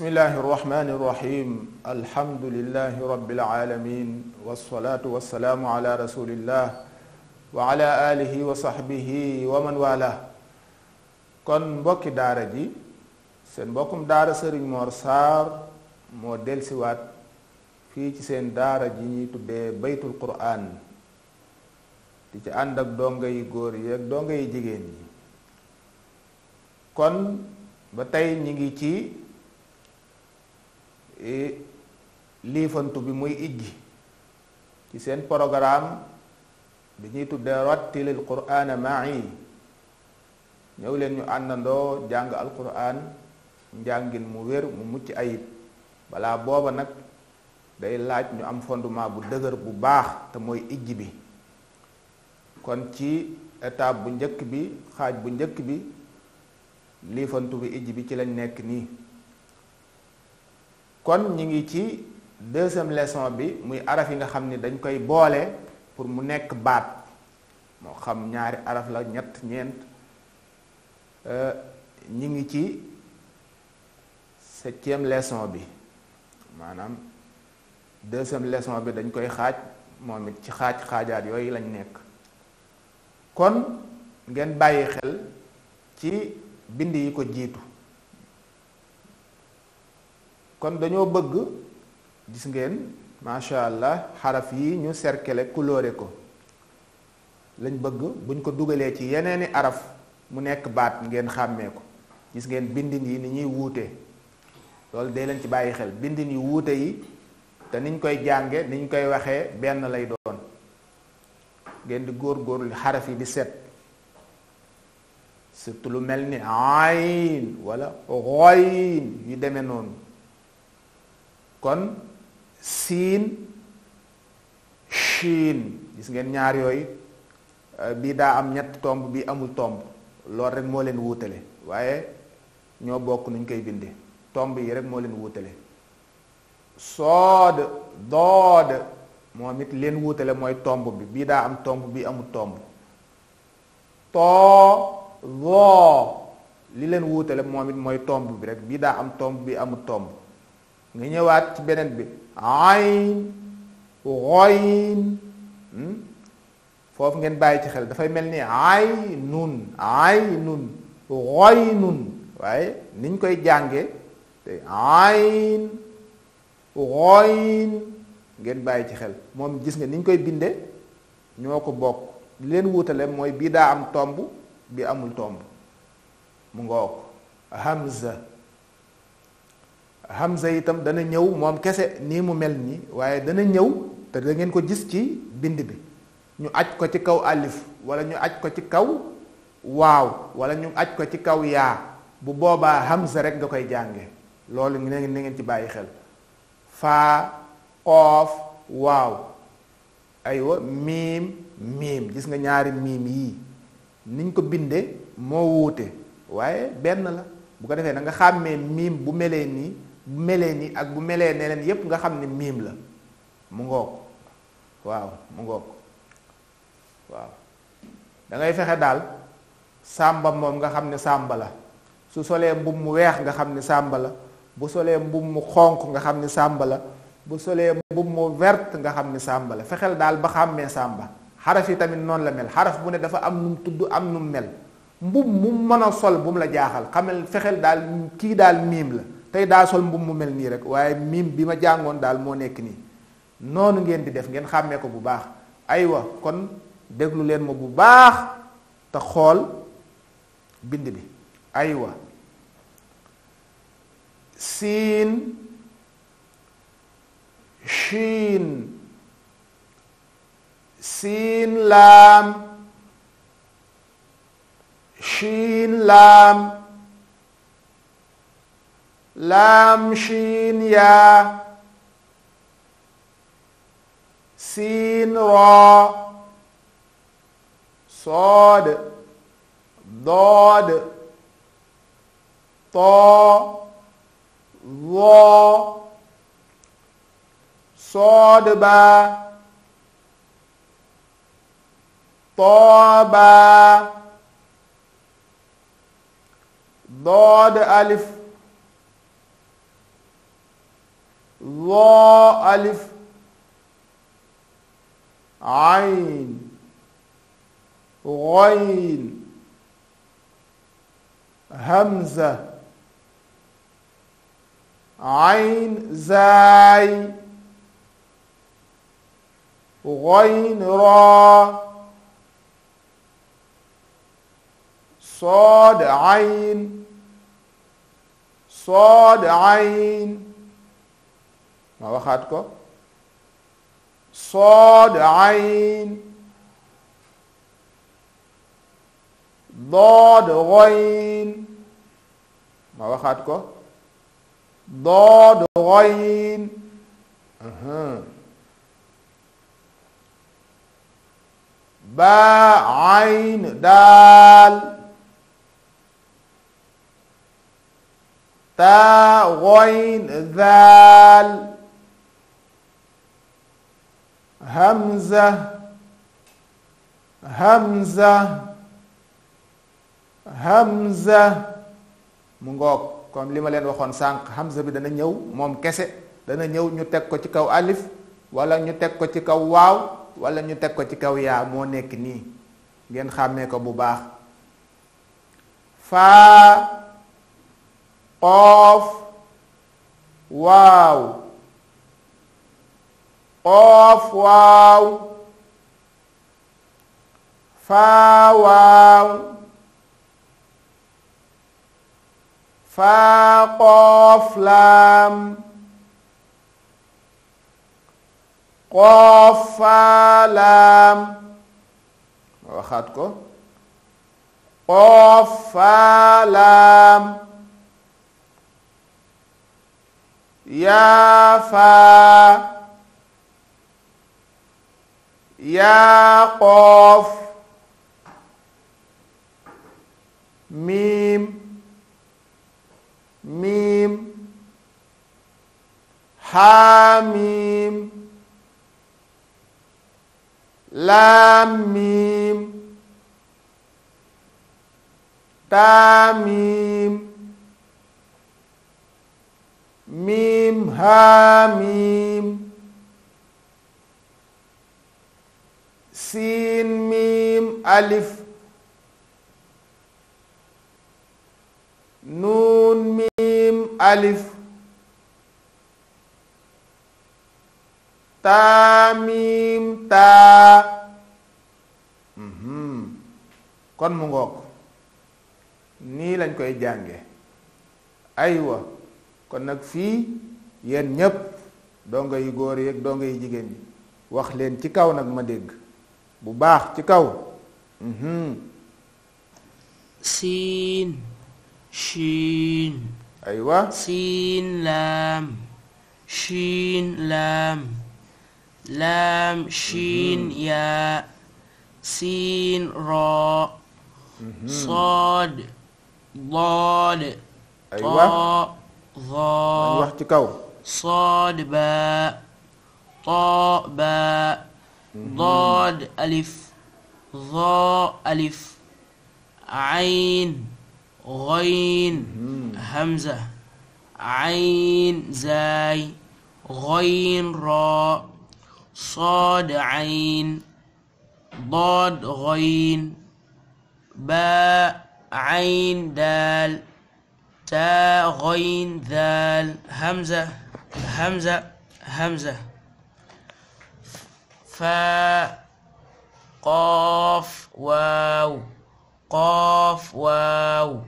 بسم الله الرحمن الرحيم الحمد لله رب العالمين والصلاة والسلام على رسول الله وعلى آله وصحبه ومن والاه كن بوك دارة جي سن بوكم دارة سرين مورسار موديل سوات في سن دارة جي تبه بيت القرآن تي عندك دونغي غوري يك دونغي جيجين كن بتاي نيجي E liifantu bi muy ijji ci seen programme bi ñuy tuddee rattilil qur'aana ma'i ñëw leen ñu àndandoo jàng alquran njàngin mu wér mu mucc ayib balaa booba nag day laaj ñu am fondement bu dëgër bu baax te mooy ijji bi kon ci étape bu njëkk bi xaaj bu njëkk bi liifantu bi ijji bi ci lañ nekk nii kon ñi ngi ci deuxième leçon bi muy araf yi nga xam ni dañ koy boole pour mu nekk baat moo xam ñaari araf la ñett ñeent euh, ñi ngi ci septième leçon bi maanaam deuxième leçon bi dañ koy xaaj moom it ci xaaj xaajaat yooyu lañ nekk kon ngeen bàyyi xel ci bind yi ko jiitu kon dañoo bëgg gis ngeen macha allah xaraf yi ñu serkele coloré ko lañ bëgg buñ ko dugalee ci yeneeni araf mu nekk baat ngeen xàmmee ko gis ngeen bindin yi ni ñuy wuute loolu dee leen ci bàyyi xel bindin yu wuute yi te niñ koy jànge niñ koy waxee benn lay doon ngeen di góor-góorlu xaraf yi di set surtout lu mel ni ayn wala xoyin yu demee noonu kon siin shiin gis ngeen ñaar yooyu eh, bii daa am ñett tomb bi amul tomb lool rek moo leen wuutale waaye ñoo bokk nuñ koy binde tomb yi rek moo leen wuutale sood dood moom it leen wuutale mooy tomb bi bii daa am tomb bi amul tomb too leen wuutale moom mooy tomb bi rek bii daa am tomb bi amul tomb nga ñëwaat ci beneen bi ayn ghayn hmm? foofu ngeen bàyyi ci xel dafay mel ni aynun aynun ghaynun waaye niñ koy jànge te ayn ghayn ngeen bàyyi ci xel moom gis nga niñ koy binde ñoo ko bokk leen wuutale mooy bii daa am tomb bi amul tomb mu ngoog hamza Hamza itam dana ñëw moom kese nii mu mel nii waaye dana ñëw te da ngeen ko gis ci bind bi ñu aj ko ci kaw alif wala ñu aj ko ci kaw waaw wala ñu aj ko ci kaw yaa bu boobaa Hamza rek nga koy jànge loolu na ngeen ci bàyyi xel faa oof waaw aywa miim miim gis nga ñaari miim yii niñ ko binde moo wuute waaye benn la bu ko defee na nga xàmmee miim bu melee nii bu melee ni ak bu melee ne leen yépp nga xam ne miim la mu ngoog waaw mu ngoog waaw da fexe daal sàmba moom nga xam ne sàmba la su solee mbubb mu weex nga xam ne sàmba la bu solee mbubb mu xonq nga xam ne sàmba la bu solee mbubb mu vert nga xam ne sàmba la fexeel daal ba xàmmee sàmba xaraf yi tamit noonu la mel xaraf bu ne dafa am nu mu tudd am nu mu mel mbubb mu mën a sol bu mu la jaaxal xamal fexel daal kii daal miim la tey daa sol mbubb mu mel nii rek waaye miim bi ma jàngoon daal moo nekk nii noonu ngeen di def ngeen xàmmee ko bu baax aywa kon déglu leen ma bu baax te xool bind bi aywa siin shiin siin laam shiin laam laam shiin yaa siin raa sood dood too woo sood baa baa dood alif ظا ألف عين غين همزة عين زاي غين را صاد عين صاد عين ما وخاتكو صاد عين ضاد غين ما وخاتكو ضاد غين أها با عين دال تا غين ذال همزة همزة hamza mu ngoog comme li ma leen waxoon sànq hamza bi dana ñëw moom kese dana ñëw ñu teg ko ci kaw alif wala ñu teg ko ci kaw waaw wala ñu teg ko ci kaw yaa moo nekk nii ngeen xàmmee ko bu baax faa qoof qaaf waaw faa waaw faa qaaf laam qaaf faa laam waxaat ko qaaf faa laam yaa yaa qoof miim miim xaamiim laamiim taamiim miim haamiim sin mim alif nun mim alif ta mim ta mhm. kon mu nilan ni lañ koy jànge aywa kon fi yen ñep do nga yi góor yi ak donga yu jigéen ñi wax len ci kaw nak ma bu baax ci kaw sin shin aywa sin lam shin siin laam shiin laam laam shiin sad siin aywa dha ضاد ci kaw sad ba ta ba ضاد ألف ظاء ألف عين غين همزة عين زاي غين راء صاد عين ضاد غين باء عين دال تاء غين ذال همزة همزة همزة فاء قاف واو قاف واو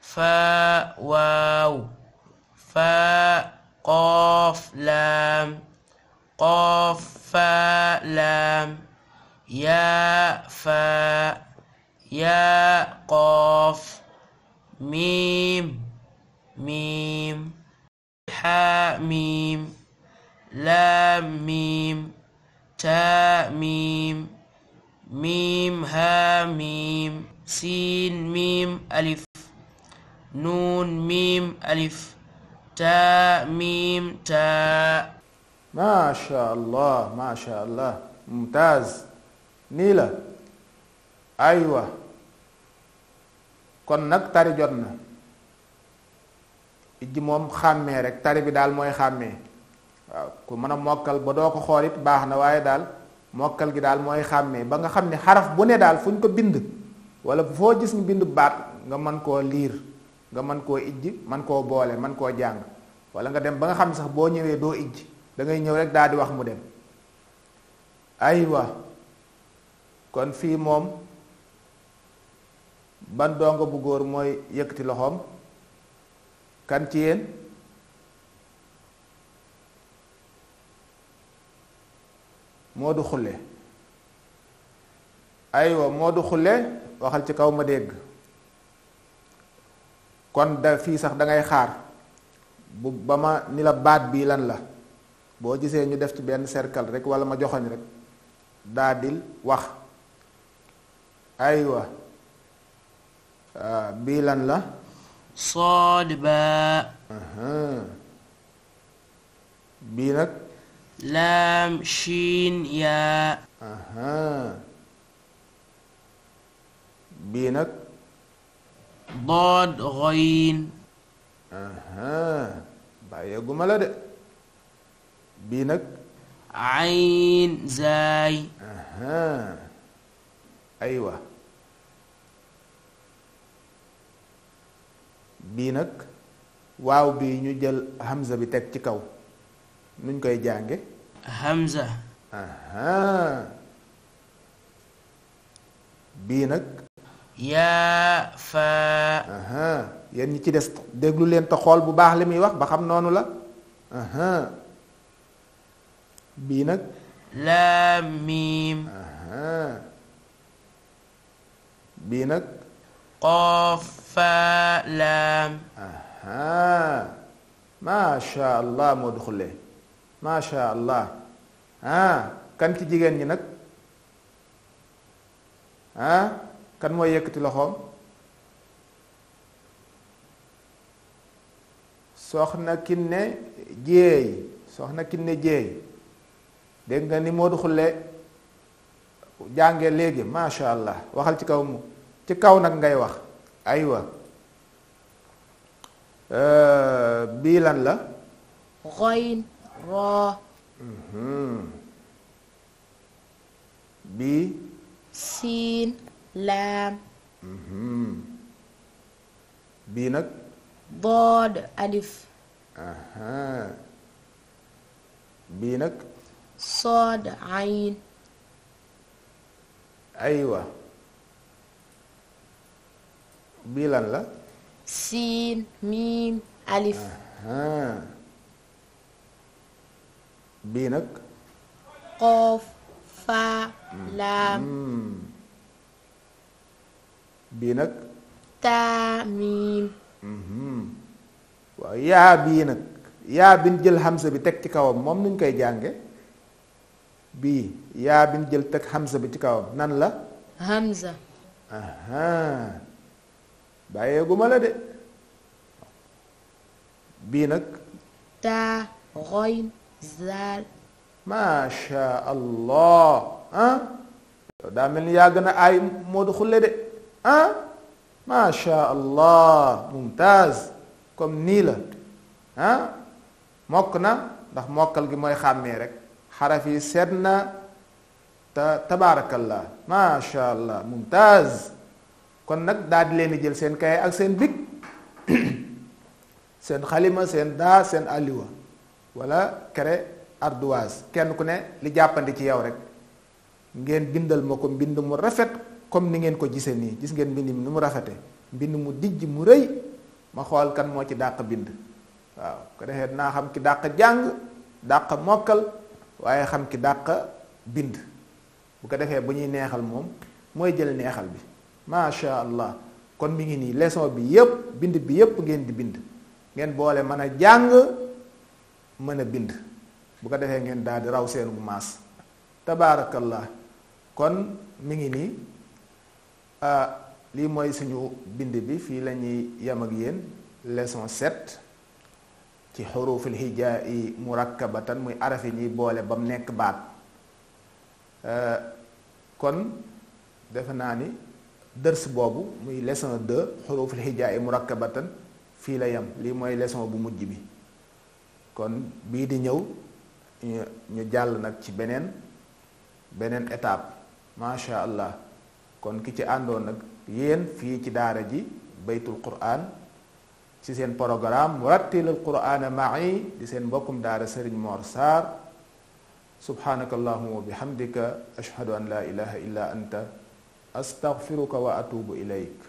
فا واو فا قاف لام قاف فا لام يا فا يا قاف ميم ميم حا ميم لام ميم تاء ميم ميم ها ميم سين ميم ألف نون ميم ألف تاء ميم تاء ما شاء الله ما شاء الله ممتاز نيلة أيوة كن nag tari jot na ji moom xàmmee rek tari waaw ku mën a mokkal ba doo ko xool it baax na waaye daal mokkal gi daal mooy xàmmee ba nga xam ne xaraf bu ne daal fu ñu ko bind wala foo gis ñu bind baat nga mën koo liir nga mën koo ijji mën koo boole mën koo jàng wala nga dem ba nga xam ne sax boo ñëwee doo ijji da ngay ñëw rek daal di wax mu dem aywa kon fii moom ban dongo bu góor mooy yëkkati loxoom kan ci yéen moodu xulle aywa modu xulle waxal ci kaw ma deg kon da fi sax da ngay xaar bu bama ni la baat bi lan la bo ñu def ci ben cercle rek wala ma joxoñ rek dadil wah, wax aywa ah, bi lan la sadba aha bi nak Lam Shin Ya Aha Binak Dod Ghain Aha Baya gumalada Binak Ain Zai Aha أيوة bii nag waaw bii ñu jël hamza bi teg ci kaw nuñ koy jànge همزة أها بينك يا فا أها يعني تي دست دغلو لين تا خول بو باخ لمي واخ با خام أها بينك لا ميم أها بينك قاف فا لام أها ما شاء الله مدخله macha allah ah kan ci jigéen ñi nag ah kan mooy yëkkati loxoom soxna Kiné Jéey soxna Kiné Jéey dégg nga ni Modou Khoule jànge léegi macha allah waxal ci kaw mu ci kaw nag ngay wax aywa euh, bii lan la. را ب سين لام bii nag. ضاد ألف. bii nag. صاد عين. ايوه bii لا سين ميم ألف. اها bii nag qoof faa hmm. laam hmm. bii nag taa miim hmm. waaw yaa bii nag yaa bin jël xamsa bi teg ci kawam moom nuñ koy jànge bii yaa bin jël teg xamsa bi ci kawam nan la xamsa bàyyeeguma la de bii nag taa xoyn ma macha allah ah daa mel ni yaa gën a aay Modou Khoule de ah macha allah mumtaz comme nii la ah mokk na ndax mokkal gi mooy xàmmee rek xaraf yi seet na te tabaarakallah macha allah mumtaz kon nag daal leen di jël seen kaye ak seen big seen xalima seen daa seen aliwa wala kere ardoise kenn ku ne li jàppandi ci yow rek ngeen bindal ma ko mbind mu rafet comme ni ngeen ko gisee nii gis ngeen mbind mi ni mu rafete mbind mu dijj mu rëy ma xool kan moo ci dàq bind waaw ko defee danaa xam ki dàq jàng dàq mokkal waaye xam ki dàq bind bu ko defee ba ñuy neexal moom mooy jël neexal bi macha allah kon mu ngi nii leçon bi yépp bind bi yépp ngeen di bind ngeen boole mën a jàng mën a bind bu ko defee ngeen daal di raw seenu maas tabaarakallah kon mu ngi nii lii mooy suñu bind bi fii la ñuy yem ak yéen leçon 7 ci xuruful hijaa yi murakkabatan muy arafi ñuy boole ba mu nekk baat kon defe naa ni dërs boobu muy leçon 2 xuruful hijaa yi murakkabatan fii la yem lii mooy leçon bu mujj bi kon bii di ñëw ñu jàll nag ci beneen beneen étape macha allah kon ki ci àndoon nag yeen fii ci daara ji baytul quran ci seen programme murattilul qur'ana ma'i di seen mbokkum daara sëriñ Mor Sarr subhanaka allahuma wa bihamdika ashhadu an laa ilaha illa anta astaghfiruka wa atubu ilayk